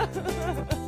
Ha ha ha ha!